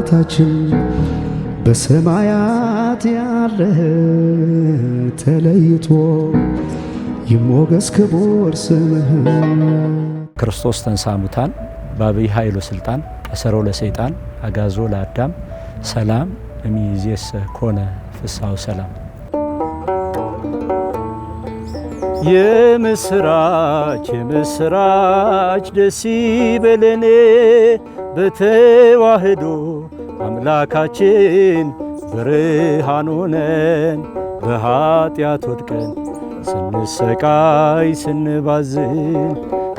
አባታችን በሰማያት ያለ ተለይቶ ይሞገስ ክቡር ስምህ። ክርስቶስ ተንሥአ እሙታን በአብይ ኃይሉ ስልጣን አሰሮ ለሰይጣን አጋዞ ለአዳም ሰላም እምይእዜሰ ኮነ ፍስሐው ሰላም። የምስራች የምስራች ደስ ይበለን በተዋህዶ አምላካችን ብርሃን ሆነን በኀጢአት ወድቀን ስንሰቃይ ስንባዝን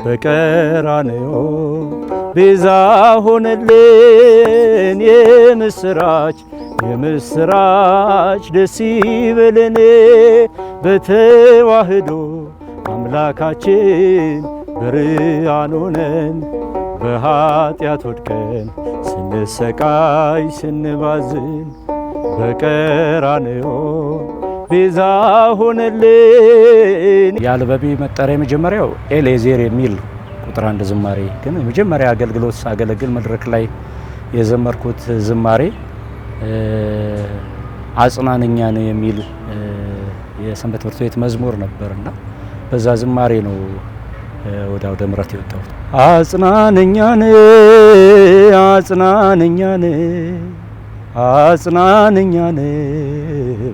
በቀራንዮ ቤዛ ሆነልን። የምስራች የምስራች ደስ ይበለን በተዋህዶ አምላካችን ብርሃን ሆነን በኃጢአት ወድቀን ስንሰቃይ ስንባዝን በቀራንዮ ቤዛ ሆነልን። የአልበሚ መጠሪያ የመጀመሪያው ኤሌዜር የሚል ቁጥር አንድ ዝማሬ ግን የመጀመሪያ አገልግሎት ሳገለግል መድረክ ላይ የዘመርኩት ዝማሬ አጽናነኛን የሚል የሰንበት ትምህርት ቤት መዝሙር ነበርና በዛ ዝማሬ ነው ወደ አውደ ምረት የወጣሁት። አጽናነኛን አጽናነኛን አጽናነኛን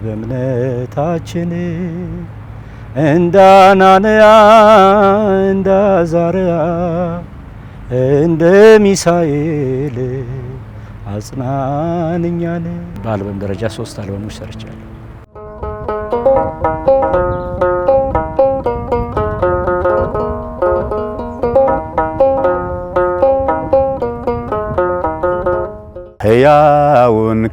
በእምነታችን እንደ አናንያ እንደ አዛርያ እንደ ሚሳኤል አጽናነኛን በአልበም ደረጃ ሶስት አልበሞች ሰርቻለሁ።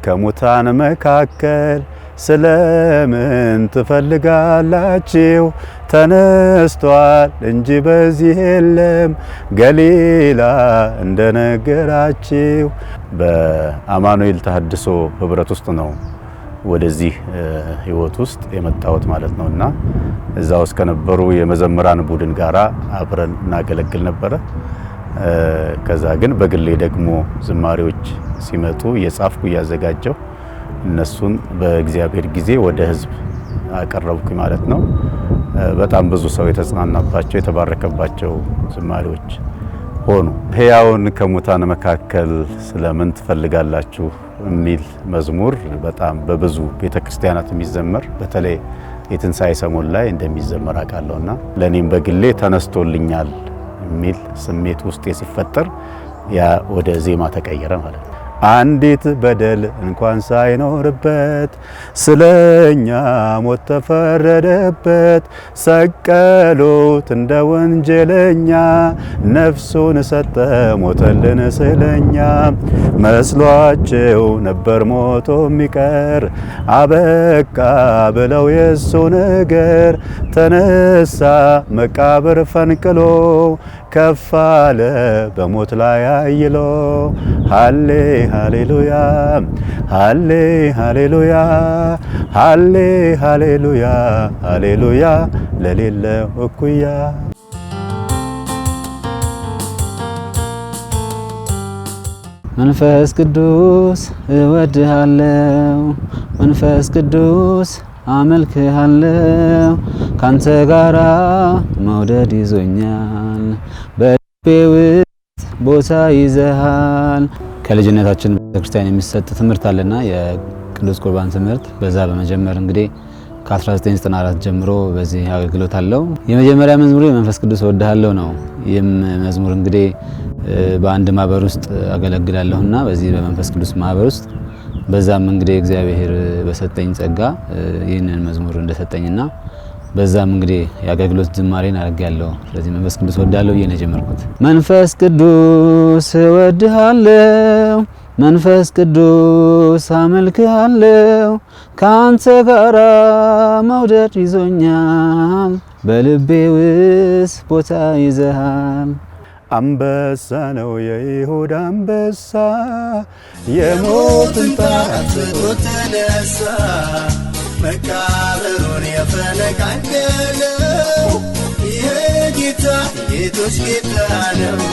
ከሙታን መካከል ስለምን ትፈልጋላችሁ? ተነስቷል እንጂ በዚህ የለም ገሊላ እንደነገራችሁ። በአማኑኤል ተሐድሶ ህብረት ውስጥ ነው ወደዚህ ህይወት ውስጥ የመጣሁት ማለት ነው እና እዛ ውስጥ ከነበሩ የመዘምራን ቡድን ጋራ አብረን እናገለግል ነበረ። ከዛ ግን በግሌ ደግሞ ዝማሬዎች ሲመጡ የጻፍኩ እያዘጋጀው እነሱን በእግዚአብሔር ጊዜ ወደ ህዝብ አቀረብኩ ማለት ነው። በጣም ብዙ ሰው የተጽናናባቸው የተባረከባቸው ዝማሬዎች ሆኑ። ህያውን ከሙታን መካከል ስለምን ትፈልጋላችሁ የሚል መዝሙር በጣም በብዙ ቤተ ክርስቲያናት የሚዘመር በተለይ የትንሣኤ ሰሞን ላይ እንደሚዘመር አውቃለሁና ለእኔም በግሌ ተነስቶልኛል የሚል ስሜት ውስጤ ሲፈጠር ያ ወደ ዜማ ተቀየረ ማለት ነው። አንዲት በደል እንኳን ሳይኖርበት ስለኛ ሞት ተፈረደበት። ሰቀሉት እንደ ወንጀለኛ ነፍሱን ሰጠ ሞተልን ስለኛ። መስሏቸው ነበር ሞቶ የሚቀር አበቃ ብለው የሱ ነገር ተነሳ መቃብር ፈንቅሎ ከፍ አለ በሞት ላይ አይሎ ሃሌ ሃሌሉያ ሃሌ ሃሌሉያ ሃሌ ሃሌሉያ ሃሌሉያ ለሌለ እኩያ መንፈስ ቅዱስ እወድሃለው መንፈስ ቅዱስ አመልክሃለው ካንተ ጋራ መውደድ ይዞኛል በልቤ ውስጥ ቦታ ይዘሃል። ከልጅነታችን ቤተክርስቲያን የሚሰጥ ትምህርት አለና የቅዱስ ቁርባን ትምህርት በዛ በመጀመር እንግዲህ ከ1994 ጀምሮ በዚህ አገልግሎት አለው። የመጀመሪያ መዝሙር የመንፈስ ቅዱስ እወድሃለሁ ነው። ይህም መዝሙር እንግዲህ በአንድ ማህበር ውስጥ አገለግላለሁ በዚህ በመንፈስ ቅዱስ ማህበር ውስጥ በዛም እንግዲህ እግዚአብሔር በሰጠኝ ጸጋ ይህንን መዝሙር እንደሰጠኝና በዛም እንግዲህ የአገልግሎት ዝማሬን አድርጌያለሁ። ስለዚህ መንፈስ ቅዱስ እወድሃለሁ ብዬ ነው የጀመርኩት። መንፈስ ቅዱስ እወድሃለሁ፣ መንፈስ ቅዱስ አመልክሃለሁ፣ ከአንተ ጋራ መውደድ ይዞኛል፣ በልቤ ውስጥ ቦታ ይዘሃል። አንበሳ ነው የይሁዳ አንበሳ የሞትን ጣት ተነሳ መቃብሩን የፈነቃገለው ይሄ ጌታ ጌቶች ጌታ ነው።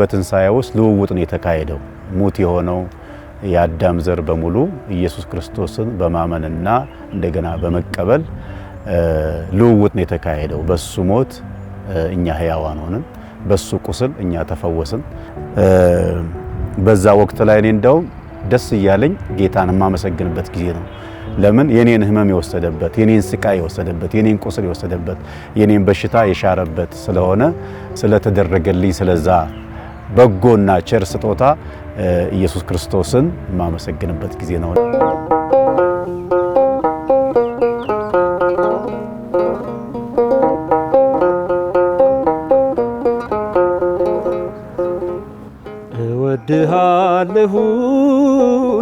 በትንሣኤ ውስጥ ልውውጥ ነው የተካሄደው። ሙት የሆነው የአዳም ዘር በሙሉ ኢየሱስ ክርስቶስን በማመንና እንደገና በመቀበል ልውውጥ ነው የተካሄደው። በሱ ሞት እኛ ህያዋን ሆንን፣ በሱ ቁስል እኛ ተፈወስን። በዛ ወቅት ላይ እኔ እንደውም ደስ እያለኝ ጌታን የማመሰግንበት ጊዜ ነው። ለምን የኔን ህመም የወሰደበት የኔን ስቃይ የወሰደበት የኔን ቁስል የወሰደበት የኔን በሽታ የሻረበት ስለሆነ ስለተደረገልኝ ስለዛ በጎና ቸር ስጦታ ኢየሱስ ክርስቶስን የማመሰግንበት ጊዜ ነው።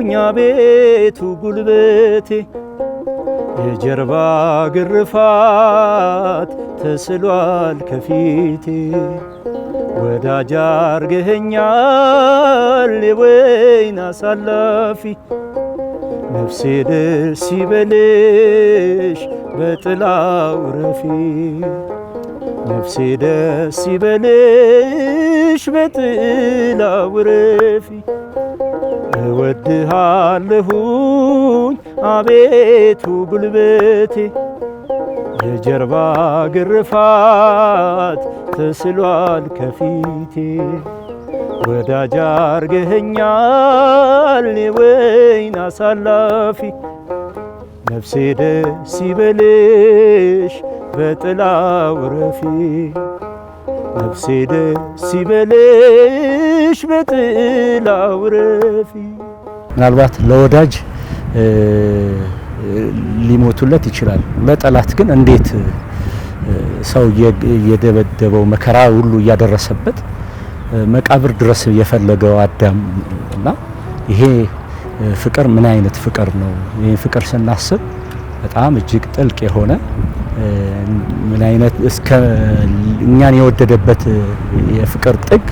እኛ ቤቱ ጉልበቴ የጀርባ ግርፋት ተስሏል ከፊቴ ወዳጅ አርገኸኛል የወይን አሳላፊ ነፍሴ ደስ ይበልሽ በጥላው ረፊ ነፍሴ ደስ ይበልሽ ልብሽ በጥላ ውረፊ እወድሃለሁኝ አቤቱ ጉልበቴ የጀርባ ግርፋት ተስሏል ከፊቴ ወዳጅ አርገኸኛል ወይን አሳላፊ ነፍሴ ደስ ይበልሽ በጥላ ውረፊ ነፍሴ ደስ ይበልሽ በጥላው ረፊ። ምናልባት ለወዳጅ ሊሞቱለት ይችላል። ለጠላት ግን እንዴት ሰው የደበደበው መከራ ሁሉ እያደረሰበት መቃብር ድረስ የፈለገው አዳም እና ይሄ ፍቅር ምን አይነት ፍቅር ነው? ይሄ ፍቅር ስናስብ በጣም እጅግ ጥልቅ የሆነ ምን አይነት እስከ እኛን የወደደበት የፍቅር ጥግ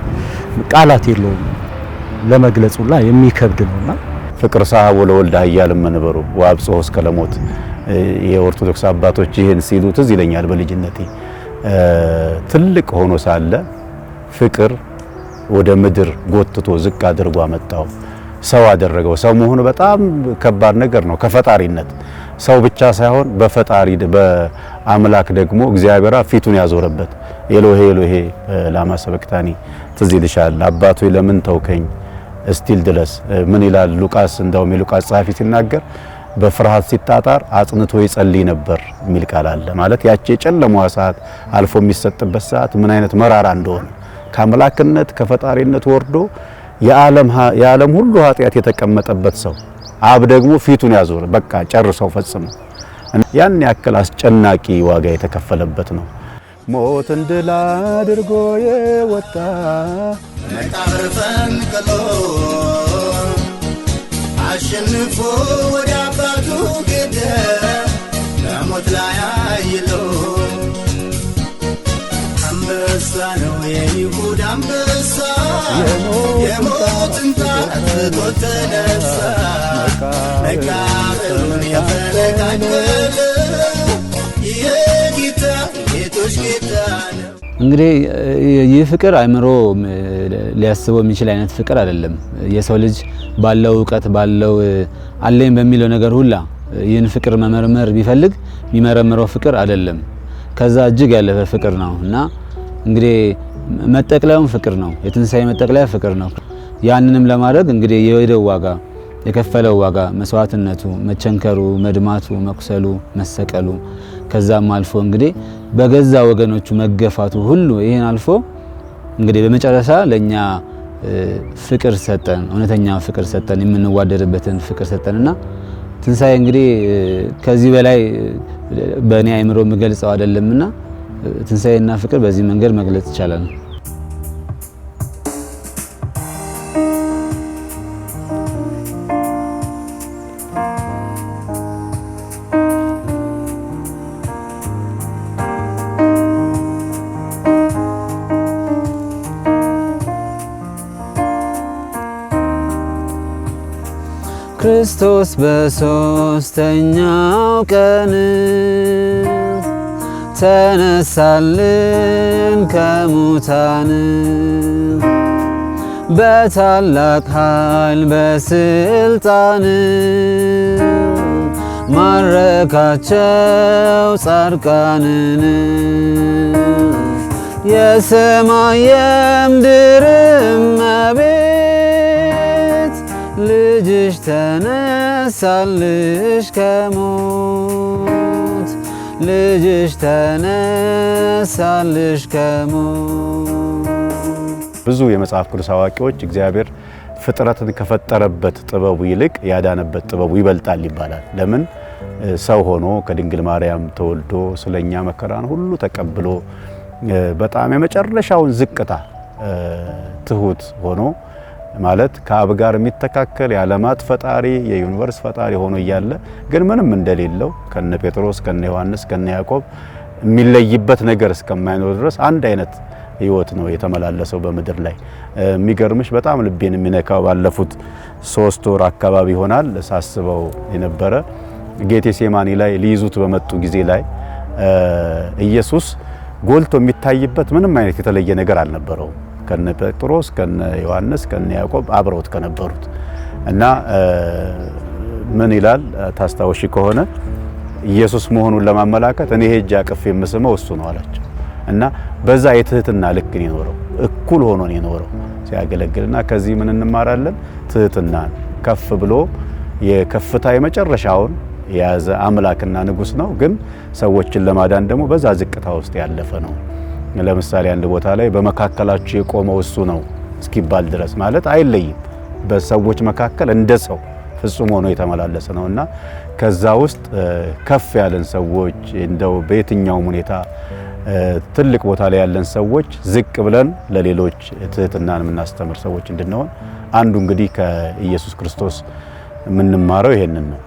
ቃላት የለውም ለመግለጹላ የሚከብድ ነውና ፍቅር ሳ ወለወልድ ኃያልም መንበሩ ወአብጽሖ እስከ ለሞት የኦርቶዶክስ አባቶች ይህን ሲሉ ትዝ ይለኛል። በልጅነቴ ትልቅ ሆኖ ሳለ ፍቅር ወደ ምድር ጎትቶ ዝቅ አድርጎ አመጣው፣ ሰው አደረገው። ሰው መሆኑ በጣም ከባድ ነገር ነው ከፈጣሪነት ሰው ብቻ ሳይሆን በፈጣሪ በአምላክ ደግሞ እግዚአብሔር ፊቱን ያዞረበት ኤሎሄ ኤሎሄ ላማ ሰበክታኒ ትዝ ይልሻል አባቱ ለምን ተውከኝ እስቲል ድረስ ምን ይላል ሉቃስ? እንደውም የሉቃስ ጸሐፊ ሲናገር በፍርሃት ሲጣጣር አጽንቶ ይጸልይ ነበር የሚል ቃል አለ። ማለት ያቺ የጨለማዋ ሰዓት አልፎ የሚሰጥበት ሰዓት ምን አይነት መራራ እንደሆነ ከአምላክነት ከፈጣሪነት ወርዶ የዓለም ሁሉ ኃጢአት የተቀመጠበት ሰው አብ ደግሞ ፊቱን ያዞረ። በቃ ጨርሰው ፈጽመው። ያን ያክል አስጨናቂ ዋጋ የተከፈለበት ነው። ሞት ድል አድርጎ የወጣ መቃብር ፈንቅሎ አሸንፎ ወደ አባቱ ገደ ለሞት ላይ አይሎ አንበሳ ነው የይሁድ አንበሳ የሞትን ጣት ተነሳ መቃብሩን ያፈነቃቀለ እንግዲህ ይህ ፍቅር አእምሮ ሊያስበው የሚችል አይነት ፍቅር አይደለም። የሰው ልጅ ባለው እውቀት ባለው አለኝ በሚለው ነገር ሁላ ይህን ፍቅር መመርመር ቢፈልግ የሚመረምረው ፍቅር አይደለም። ከዛ እጅግ ያለፈ ፍቅር ነው እና እንግዲህ መጠቅለያውም ፍቅር ነው። የትንሣኤ መጠቅለያ ፍቅር ነው። ያንንም ለማድረግ እንግዲህ የሄደው ዋጋ የከፈለው ዋጋ መስዋዕትነቱ፣ መቸንከሩ፣ መድማቱ፣ መቁሰሉ፣ መሰቀሉ ከዛም አልፎ እንግዲህ በገዛ ወገኖቹ መገፋቱ ሁሉ ይህን አልፎ እንግዲህ በመጨረሻ ለእኛ ፍቅር ሰጠን፣ እውነተኛ ፍቅር ሰጠን፣ የምንዋደድበትን ፍቅር ሰጠንና ትንሣኤ እንግዲህ ከዚህ በላይ በእኔ አይምሮ የምገልጸው አይደለምና ትንሣኤና ፍቅር በዚህ መንገድ መግለጽ ይቻላል። ክርስቶስ በሦስተኛው ቀን ተነሳልን ከሙታን በታላቅ ኃይል በስልጣን ማረካቸው ጻድቃንን የሰማይ የምድርም ልጅሽ ተነሳልሽ ከሞት ልጅሽ ተነሳልሽ ከሞት። ብዙ የመጽሐፍ ቅዱስ አዋቂዎች እግዚአብሔር ፍጥረትን ከፈጠረበት ጥበቡ ይልቅ ያዳነበት ጥበቡ ይበልጣል ይባላል። ለምን? ሰው ሆኖ ከድንግል ማርያም ተወልዶ ስለኛ መከራን ሁሉ ተቀብሎ በጣም የመጨረሻውን ዝቅታ ትሁት ሆኖ ማለት ከአብ ጋር የሚተካከል የዓለማት ፈጣሪ የዩኒቨርስ ፈጣሪ ሆኖ እያለ ግን ምንም እንደሌለው ከነ ጴጥሮስ ከነ ዮሐንስ ከነ ያዕቆብ የሚለይበት ነገር እስከማይኖር ድረስ አንድ አይነት ህይወት ነው የተመላለሰው በምድር ላይ። የሚገርምሽ በጣም ልቤን የሚነካው ባለፉት ሶስት ወር አካባቢ ይሆናል ሳስበው የነበረ ጌቴሴማኒ ላይ ሊይዙት በመጡ ጊዜ ላይ ኢየሱስ ጎልቶ የሚታይበት ምንም አይነት የተለየ ነገር አልነበረውም። ከነ ጴጥሮስ ከነ ዮሐንስ ከነ ያዕቆብ አብረውት ከነበሩት እና ምን ይላል ታስታውሽ ከሆነ ኢየሱስ መሆኑን ለማመላከት እኔ ሄጄ አቅፍ የምስመው እሱ ነው አላቸው እና በዛ የትህትና ልክ ነው የኖረው። እኩል ሆኖ ነው የኖረው ሲያገለግልና ከዚህ ምን እንማራለን? ትህትና ከፍ ብሎ የከፍታ የመጨረሻውን የያዘ አምላክና ንጉስ ነው። ግን ሰዎችን ለማዳን ደግሞ በዛ ዝቅታ ውስጥ ያለፈ ነው። ለምሳሌ አንድ ቦታ ላይ በመካከላችሁ የቆመው እሱ ነው እስኪባል ድረስ ማለት አይለይም። በሰዎች መካከል እንደ ሰው ፍጹም ሆኖ የተመላለሰ ነው እና ከዛ ውስጥ ከፍ ያለን ሰዎች እንደው በየትኛውም ሁኔታ ትልቅ ቦታ ላይ ያለን ሰዎች ዝቅ ብለን ለሌሎች ትህትናን የምናስተምር ሰዎች እንድንሆን አንዱ እንግዲህ ከኢየሱስ ክርስቶስ የምንማረው ይሄንን ነው።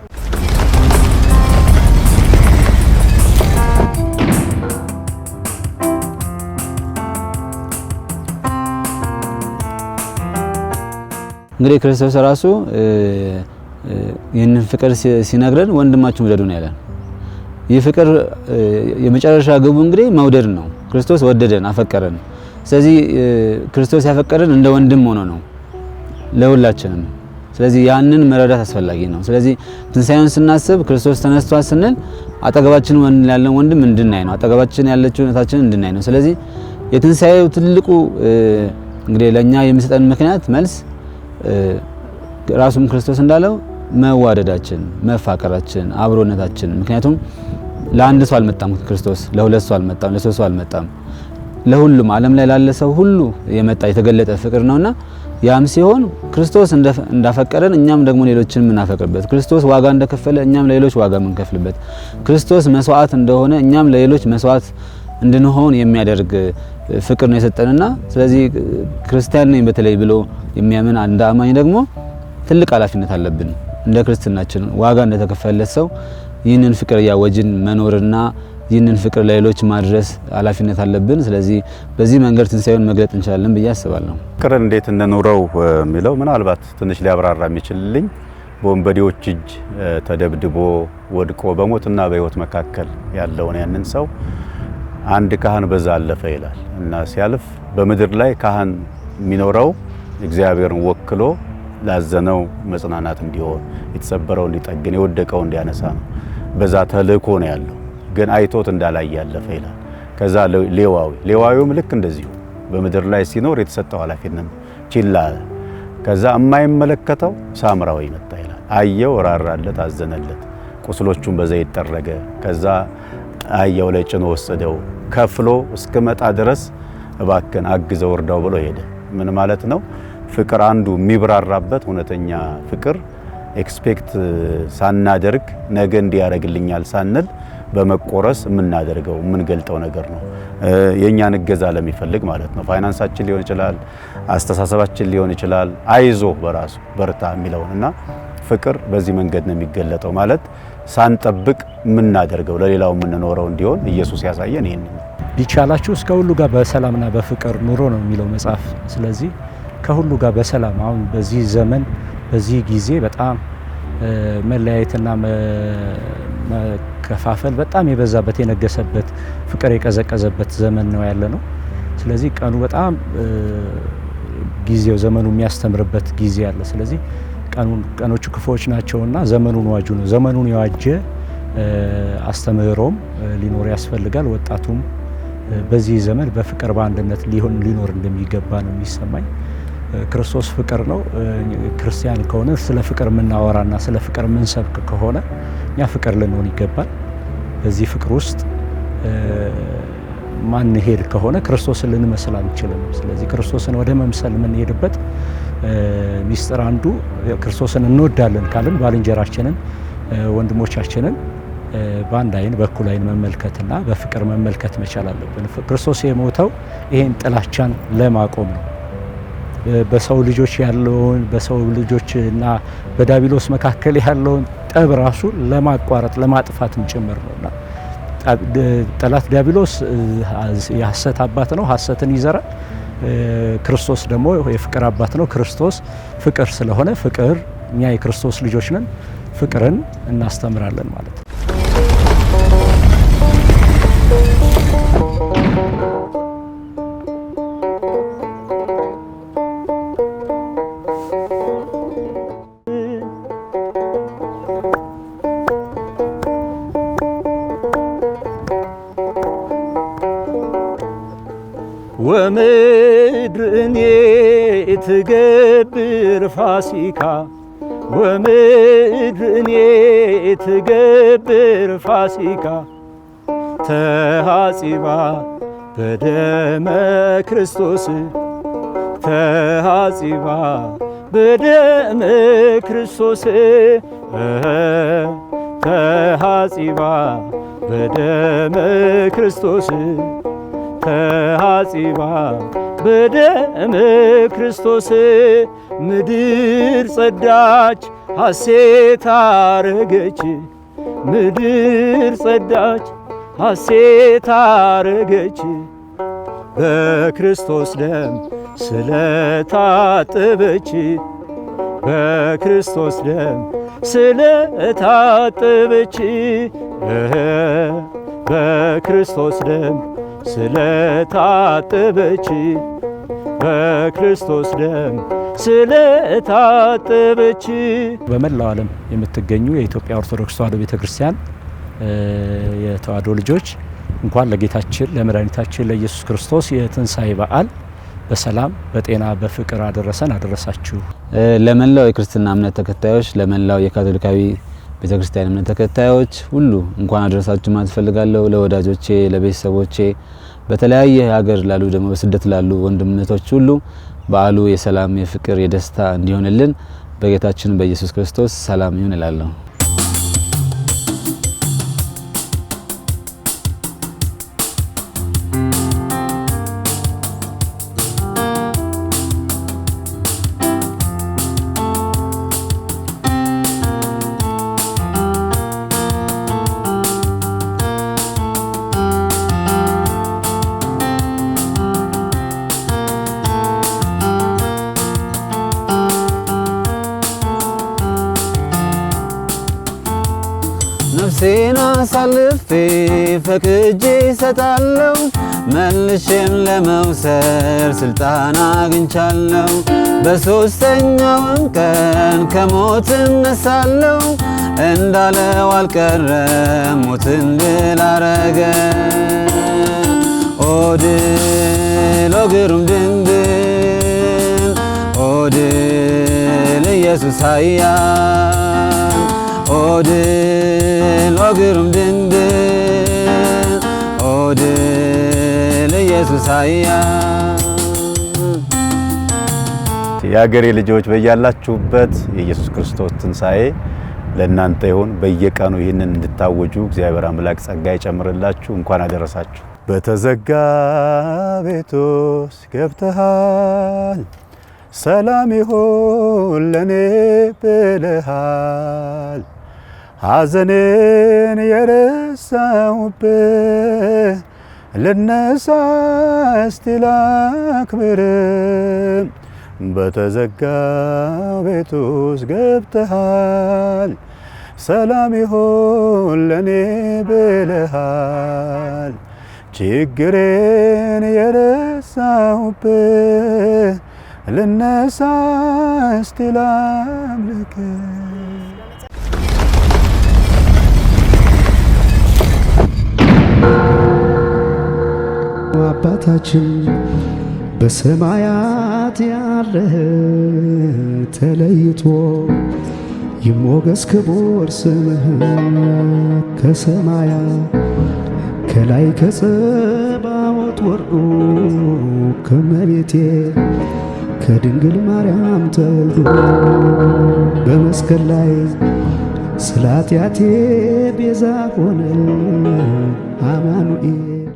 እንግዲህ ክርስቶስ ራሱ ይህንን ፍቅር ሲነግረን ወንድማችን ውደዱ ነው ያለን። ይህ ፍቅር የመጨረሻ ግቡ እንግዲህ መውደድ ነው። ክርስቶስ ወደደን፣ አፈቀረን። ስለዚህ ክርስቶስ ያፈቀረን እንደ ወንድም ሆኖ ነው ለሁላችንም። ስለዚህ ያንን መረዳት አስፈላጊ ነው። ስለዚህ ትንሳኤውን ስናስብ ክርስቶስ ተነስቷል ስንል አጠገባችን ያለን ወንድም እንድናይ ነው። አጠገባችን ያለችው እውነታችን እንድናይ ነው። ስለዚህ የትንሳኤው ትልቁ እንግዲህ ለእኛ የሚሰጠን ምክንያት መልስ ራሱም ክርስቶስ እንዳለው መዋደዳችን፣ መፋቀራችን፣ አብሮነታችን ምክንያቱም ለአንድ ሰው አልመጣም ክርስቶስ፣ ለሁለት ሰው አልመጣም፣ ለሶስት ሰው አልመጣም፣ ለሁሉም ዓለም ላይ ላለ ሰው ሁሉ የመጣ የተገለጠ ፍቅር ነውና ያም ሲሆን ክርስቶስ እንዳፈቀረን እኛም ደግሞ ሌሎችን የምናፈቅርበት፣ ክርስቶስ ዋጋ እንደከፈለ እኛም ለሌሎች ዋጋ የምንከፍልበት፣ ክርስቶስ መስዋዕት እንደሆነ እኛም ለሌሎች መስዋዕት እንድንሆን የሚያደርግ ፍቅር ነው የሰጠንና ስለዚህ ክርስቲያን ነኝ በተለይ ብሎ የሚያምን አንድ አማኝ ደግሞ ትልቅ ኃላፊነት አለብን። እንደ ክርስትናችን ዋጋ እንደተከፈለት ሰው ይህንን ፍቅር እያወጅን መኖርና ይህንን ፍቅር ለሌሎች ማድረስ ኃላፊነት አለብን። ስለዚህ በዚህ መንገድ ትንሳኤውን መግለጥ እንችላለን ብዬ አስባለሁ። ፍቅር እንዴት እንኑረው የሚለው ምናልባት ትንሽ ሊያብራራ የሚችልልኝ በወንበዴዎች እጅ ተደብድቦ ወድቆ በሞትና በሕይወት መካከል ያለውን ያንን ሰው አንድ ካህን በዛ አለፈ ይላል እና ሲያልፍ በምድር ላይ ካህን የሚኖረው እግዚአብሔርን ወክሎ ላዘነው መጽናናት እንዲሆን፣ የተሰበረው እንዲጠግን፣ የወደቀው እንዲያነሳ ነው። በዛ ተልእኮ ነው ያለው። ግን አይቶት እንዳላየ ያለፈ ይላል። ከዛ ሌዋዊ ሌዋዊውም ልክ እንደዚሁ በምድር ላይ ሲኖር የተሰጠው ኃላፊነት ችላ አለ። ከዛ የማይመለከተው ሳምራዊ መጣ ይላል። አየው፣ ራራለት፣ አዘነለት። ቁስሎቹን በዘይት ጠረገ። ከዛ አህያው ላይ ጭኖ ወሰደው። ከፍሎ እስክመጣ ድረስ እባክን አግዘው እርዳው ብሎ ሄደ። ምን ማለት ነው? ፍቅር አንዱ የሚብራራበት እውነተኛ ፍቅር ኤክስፔክት ሳናደርግ ነገ እንዲያደርግልኛል ሳንል በመቆረስ የምናደርገው የምንገልጠው ነገር ነው። የእኛን እገዛ ለሚፈልግ ማለት ነው። ፋይናንሳችን ሊሆን ይችላል፣ አስተሳሰባችን ሊሆን ይችላል። አይዞ በራሱ በርታ የሚለውን እና ፍቅር በዚህ መንገድ ነው የሚገለጠው ማለት ሳንጠብቅ የምናደርገው ለሌላው የምንኖረው እንዲሆን ኢየሱስ ያሳየን። ይህን ቢቻላችሁ እስከ ሁሉ ጋር በሰላምና በፍቅር ኑሮ ነው የሚለው መጽሐፍ። ስለዚህ ከሁሉ ጋር በሰላም አሁን በዚህ ዘመን በዚህ ጊዜ በጣም መለያየትና መከፋፈል በጣም የበዛበት የነገሰበት፣ ፍቅር የቀዘቀዘበት ዘመን ነው ያለ ነው። ስለዚህ ቀኑ በጣም ጊዜው ዘመኑ የሚያስተምርበት ጊዜ አለ። ስለዚህ ቀኖቹ ክፉዎች ናቸውና ዘመኑን ዋጁ ነው። ዘመኑን የዋጀ አስተምህሮም ሊኖር ያስፈልጋል። ወጣቱም በዚህ ዘመን በፍቅር በአንድነት ሊሆን ሊኖር እንደሚገባ ነው የሚሰማኝ። ክርስቶስ ፍቅር ነው። ክርስቲያን ከሆነ ስለ ፍቅር የምናወራና ስለ ፍቅር የምንሰብክ ከሆነ እኛ ፍቅር ልንሆን ይገባል። በዚህ ፍቅር ውስጥ ማንሄድ ከሆነ ክርስቶስን ልንመስል አንችልም። ስለዚህ ክርስቶስን ወደ መምሰል የምንሄድበት ሚስጥር አንዱ ክርስቶስን እንወዳለን ካልን ባልንጀራችንን ወንድሞቻችንን በአንድ አይን በኩል አይን መመልከትና በፍቅር መመልከት መቻል አለብን። ክርስቶስ የሞተው ይሄን ጥላቻን ለማቆም ነው። በሰው ልጆች ያለውን በሰው ልጆችና በዳቢሎስ መካከል ያለውን ጠብ ራሱ ለማቋረጥ ለማጥፋትም ጭምር ነውና ጠላት ዳቢሎስ የሐሰት አባት ነው። ሐሰትን ይዘራል። ክርስቶስ ደግሞ የፍቅር አባት ነው። ክርስቶስ ፍቅር ስለሆነ ፍቅር እኛ የክርስቶስ ልጆች ነን፣ ፍቅርን እናስተምራለን ማለት ነው። ፋሲካ ወምድርኔ ትገብር ፋሲካ ተሃጺባ በደመ ክርስቶስ ተሃጺባ በደመ ክርስቶስ ተሃጺባ በደመ ክርስቶስ ከሐጺባ በደም ክርስቶስ ምድር ጸዳች ሐሴት አረገች ምድር ጸዳች ሐሴት አረገች በክርስቶስ ደም ስለታጠበች በክርስቶስ ደም ስለታጠበች በክርስቶስ ደም ስለታጠበች በክርስቶስ ደም ስለታጠበች በመላው ዓለም የምትገኙ የኢትዮጵያ ኦርቶዶክስ ተዋሕዶ ቤተ ክርስቲያን የተዋሕዶ ልጆች እንኳን ለጌታችን ለመድኃኒታችን ለኢየሱስ ክርስቶስ የትንሣኤ በዓል በሰላም በጤና በፍቅር አደረሰን አደረሳችሁ። ለመላው የክርስትና እምነት ተከታዮች ለመላው የካቶሊካዊ ቤተ ክርስቲያን እምነት ተከታዮች ሁሉ እንኳን አደረሳችሁ ማለት ፈልጋለሁ። ለወዳጆቼ፣ ለቤተሰቦቼ በተለያየ ሀገር ላሉ ደግሞ በስደት ላሉ ወንድምነቶች ሁሉ በዓሉ የሰላም የፍቅር፣ የደስታ እንዲሆንልን በጌታችን በኢየሱስ ክርስቶስ ሰላም ይሁን እላለሁ። ፈቅጄ ይሰጣለሁ! መልሼም ለመውሰድ ስልጣን አግኝቻለው። በሦስተኛውም ቀን ከሞት እነሳለው እንዳለው አልቀረም ሞትን ድል አረገ። ኦድል ኦግሩም ድንግል፣ ኢየሱስ ኃያል ኦድል ኦግሩም ድንግል ስሳያ የአገሬ ልጆች በያላችሁበት የኢየሱስ ክርስቶስ ትንሣኤ ለእናንተ ይሁን። በየቀኑ ይህንን እንድታወጁ እግዚአብሔር አምላክ ጸጋ ይጨምርላችሁ። እንኳን አደረሳችሁ። በተዘጋ ቤት ውስጥ ገብተሃል፣ ሰላም ይሁን ለእኔ ብለሃል። ሐዘኔን የረሳውብህ ልነሳ እስቲ ላክብር በተዘጋ ቤት ውስጥ ገብተሃል ሰላም ይሆን ለኔ ብለሃል ችግሬን የረሳሁብህ ልነሳ እስቲ ላምልክ አባታችን በሰማያት ያለህ ተለይቶ ይሞገስ ክቡር ስምህ ከሰማያ ከላይ ከጸባዖት ወርዶ ከመቤቴ ከድንግል ማርያም ተወልዶ በመስቀል ላይ ስለ ኃጢአቴ ቤዛ ሆነ አማኑኤል